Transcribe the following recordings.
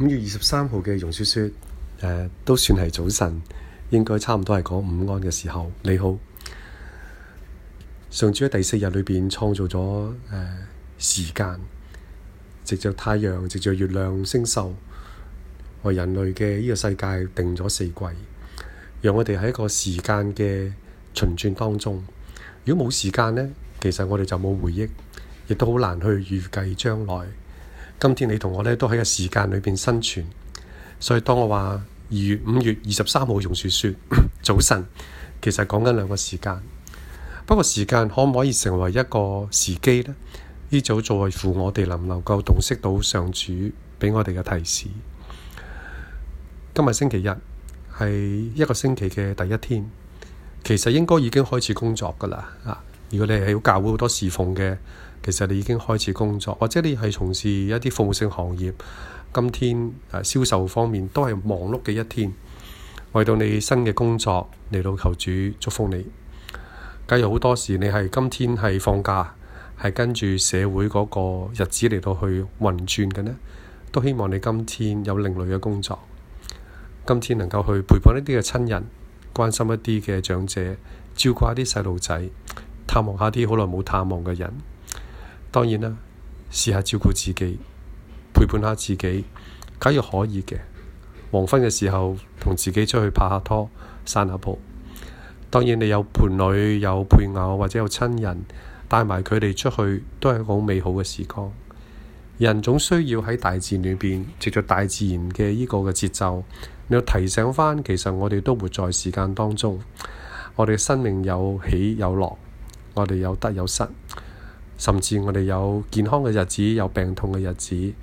五月二十三號嘅容雪雪，誒、呃，都算係早晨，應該差唔多係講午安嘅時候。你好，上主喺第四日裏邊創造咗誒、呃、時間，藉着太陽、藉着月亮、星宿，為人類嘅呢個世界定咗四季，讓我哋喺一個時間嘅循環當中。如果冇時間呢，其實我哋就冇回憶，亦都好難去預計將來。今天你同我咧都喺個時間裏邊生存，所以當我話二月五月二十三號榕樹說早晨，其實講緊兩個時間。不過時間可唔可以成為一個時機呢？呢早在乎我哋能唔能夠洞悉到上主俾我哋嘅提示。今日星期日係一個星期嘅第一天，其實應該已經開始工作噶啦啊！如果你係要教會好多侍奉嘅。其實你已經開始工作，或者你係從事一啲服務性行業。今天誒銷售方面都係忙碌嘅一天。為到你新嘅工作嚟到求主祝福你。假如好多時你係今天係放假，係跟住社會嗰個日子嚟到去運轉嘅呢，都希望你今天有另類嘅工作。今天能夠去陪伴一啲嘅親人，關心一啲嘅長者，照顧一啲細路仔，探望下啲好耐冇探望嘅人。當然啦，試下照顧自己，陪伴下自己。假如可以嘅，黃昏嘅時候同自己出去拍下拖、散下步。當然你有伴侶、有配偶或者有親人，帶埋佢哋出去都係好美好嘅時光。人總需要喺大自然裏邊，藉著大自然嘅呢個嘅節奏，你要提醒返，其實我哋都活在時間當中，我哋生命有喜有樂，我哋有得有失。甚至我哋有健康嘅日子，有病痛嘅日子，呢、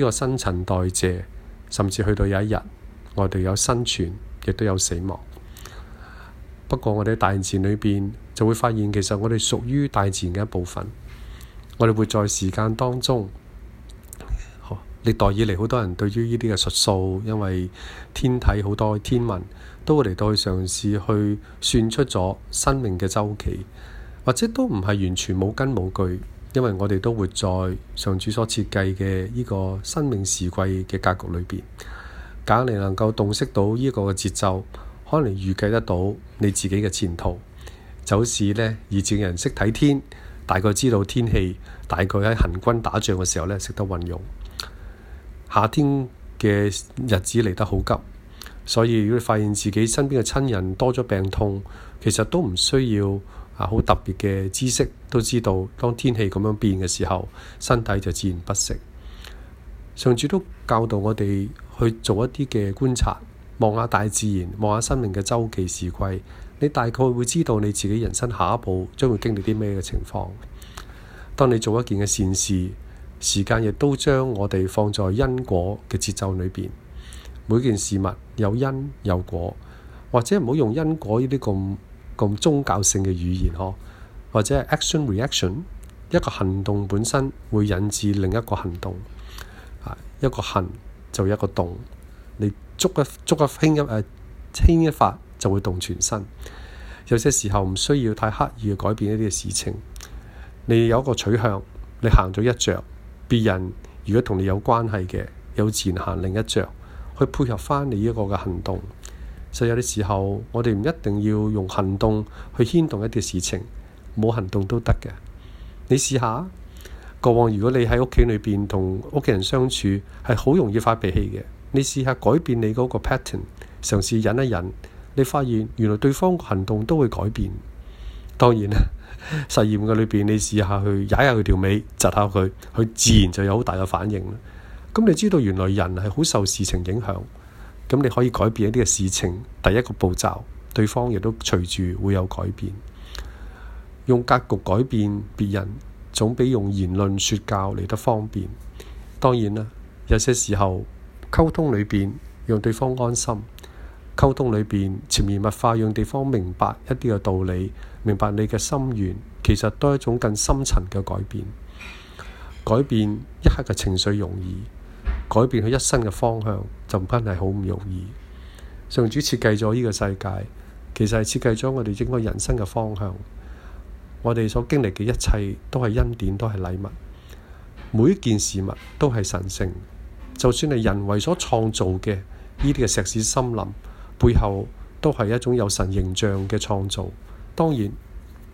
這個新陳代謝，甚至去到有一日，我哋有生存，亦都有死亡。不過我哋大自然裏邊就會發現，其實我哋屬於大自然嘅一部分。我哋會在時間當中，歷代以嚟好多人對於呢啲嘅術數，因為天體好多天文，都會嚟到去嘗試去算出咗生命嘅週期。或者都唔係完全冇根冇據，因為我哋都活在上主所設計嘅呢個生命時季嘅格局裏邊。假如你能夠洞悉到呢個嘅節奏，可能預計得到你自己嘅前途。就好似呢，以前嘅人識睇天，大概知道天氣，大概喺行軍打仗嘅時候呢，識得運用。夏天嘅日子嚟得好急，所以如果你發現自己身邊嘅親人多咗病痛，其實都唔需要。啊！好特別嘅知識都知道，當天氣咁樣變嘅時候，身體就自然不適。上次都教導我哋去做一啲嘅觀察，望下大自然，望下生命嘅周期時季，你大概會知道你自己人生下一步將會經歷啲咩嘅情況。當你做一件嘅善事，時間亦都將我哋放在因果嘅節奏裏邊。每件事物有因有果，或者唔好用因果呢啲咁。咁宗教性嘅語言呵，或者係 action reaction，一個行動本身會引致另一個行動。啊，一個行就一個動，你捉一捉一牽一誒牽一髮就會動全身。有些時候唔需要太刻意去改變一啲嘅事情，你有一個取向，你行咗一着，別人如果同你有關係嘅，有前行另一著去配合返你一個嘅行動。所以有啲時候，我哋唔一定要用行動去牽動一啲事情，冇行動都得嘅。你試下，過往如果你喺屋企裏邊同屋企人相處，係好容易發脾氣嘅。你試下改變你嗰個 pattern，嘗試忍一忍，你發現原來對方行動都會改變。當然啦，實驗嘅裏邊你試下去，踩下佢條尾，窒下佢，佢自然就有好大嘅反應。咁你知道原來人係好受事情影響。咁你可以改變一啲嘅事情，第一個步驟，對方亦都隨住會有改變。用格局改變別人，總比用言論説教嚟得方便。當然啦，有些時候溝通裏邊讓對方安心，溝通裏邊潛移默化讓對方明白一啲嘅道理，明白你嘅心願，其實都係一種更深層嘅改變。改變一刻嘅情緒容易。改變佢一生嘅方向，就唔係好唔容易。上主設計咗呢個世界，其實係設計咗我哋應該人生嘅方向。我哋所經歷嘅一切都係恩典，都係禮物。每一件事物都係神聖，就算係人為所創造嘅呢啲嘅石屎森林，背後都係一種有神形象嘅創造。當然，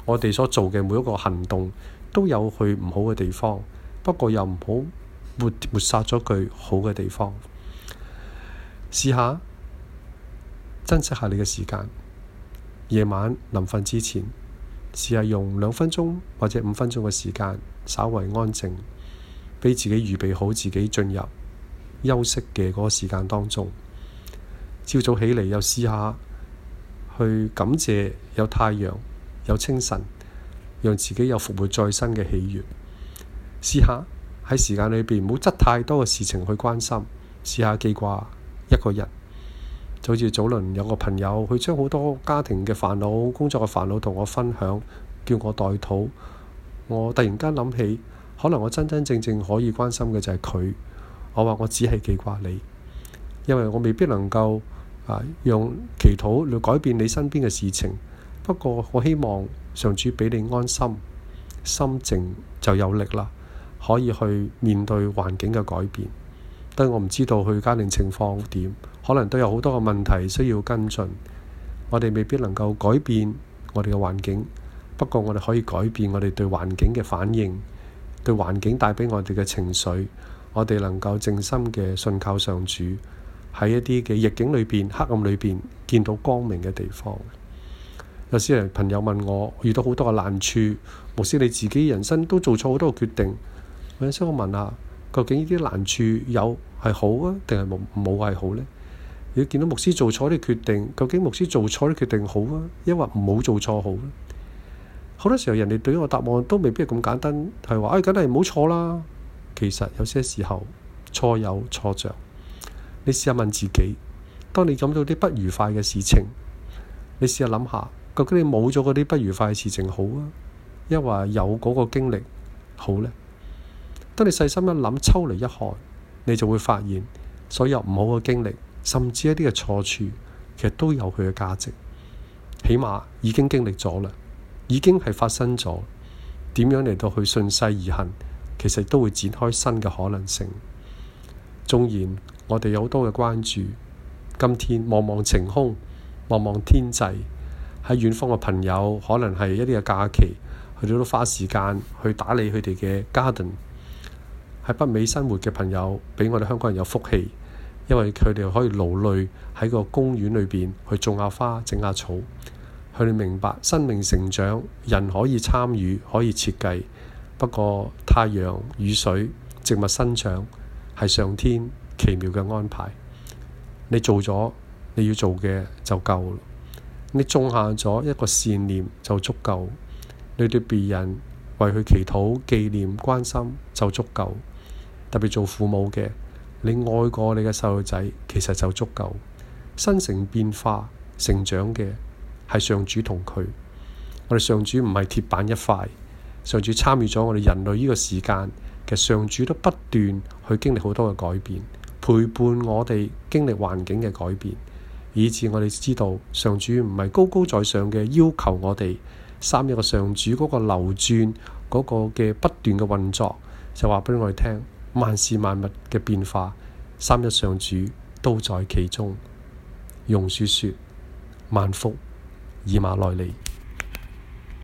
我哋所做嘅每一個行動都有去唔好嘅地方，不過又唔好抹抹煞咗佢好嘅地方，試下珍惜下你嘅時間。夜晚臨瞓之前，試下用兩分鐘或者五分鐘嘅時間，稍為安靜，俾自己預備好自己進入休息嘅嗰個時間當中。朝早起嚟又試下，去感謝有太陽，有清晨，讓自己有復活再生嘅喜悅。試下。喺時間裏邊，唔好執太多嘅事情去關心。試下記掛一個人，就好似早輪有個朋友，佢將好多家庭嘅煩惱、工作嘅煩惱同我分享，叫我代禱。我突然間諗起，可能我真真正正可以關心嘅就係佢。我話我只係記掛你，因為我未必能夠啊用祈禱嚟改變你身邊嘅事情。不過我希望上主俾你安心，心靜就有力啦。可以去面對環境嘅改變，但係我唔知道佢家庭情況點，可能都有好多個問題需要跟進。我哋未必能夠改變我哋嘅環境，不過我哋可以改變我哋對環境嘅反應，對環境帶俾我哋嘅情緒，我哋能夠靜心嘅信靠上主，喺一啲嘅逆境裏邊、黑暗裏邊見到光明嘅地方。有些人朋友問我，遇到好多嘅難處，無私你自己人生都做錯好多個決定。我問下，究竟呢啲難處有係好啊，定係冇冇係好呢？如果見到牧師做錯啲決定，究竟牧師做錯啲決定好啊，抑或唔好做錯好呢？好多時候人哋對於個答案都未必係咁簡單，係話誒，梗係唔好錯啦。其實有些時候錯有錯着，你試下問自己，當你感到啲不愉快嘅事情，你試下諗下，究竟你冇咗嗰啲不愉快嘅事情好啊，抑或有嗰個經歷好呢？當你細心一諗，抽離一看，你就會發現所有唔好嘅經歷，甚至一啲嘅錯處，其實都有佢嘅價值。起碼已經經歷咗啦，已經係發生咗。點樣嚟到去順勢而行，其實都會展開新嘅可能性。縱然我哋有好多嘅關注，今天望望晴空，望望天際，喺遠方嘅朋友，可能係一啲嘅假期，去到都花時間去打理佢哋嘅 garden。喺北美生活嘅朋友，比我哋香港人有福氣，因為佢哋可以勞累喺個公園裏邊去種下花、整下草。佢哋明白生命成長人可以參與，可以設計，不過太陽雨水、植物生長係上天奇妙嘅安排。你做咗你要做嘅就夠，你種下咗一個善念就足夠，你對別人為佢祈禱紀念、關心就足夠。特別做父母嘅，你愛過你嘅細路仔，其實就足夠。生成變化成長嘅係上主同佢。我哋上主唔係鐵板一塊，上主參與咗我哋人類呢個時間嘅上主都不斷去經歷好多嘅改變，陪伴我哋經歷環境嘅改變，以至我哋知道上主唔係高高在上嘅要求我哋。三一嘅上主嗰個流轉嗰個嘅不斷嘅運作，就話俾我哋聽。萬事萬物嘅變化，三一上主都在其中。榕樹說：萬福以馬來利。」